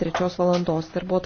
trečios valandos darbo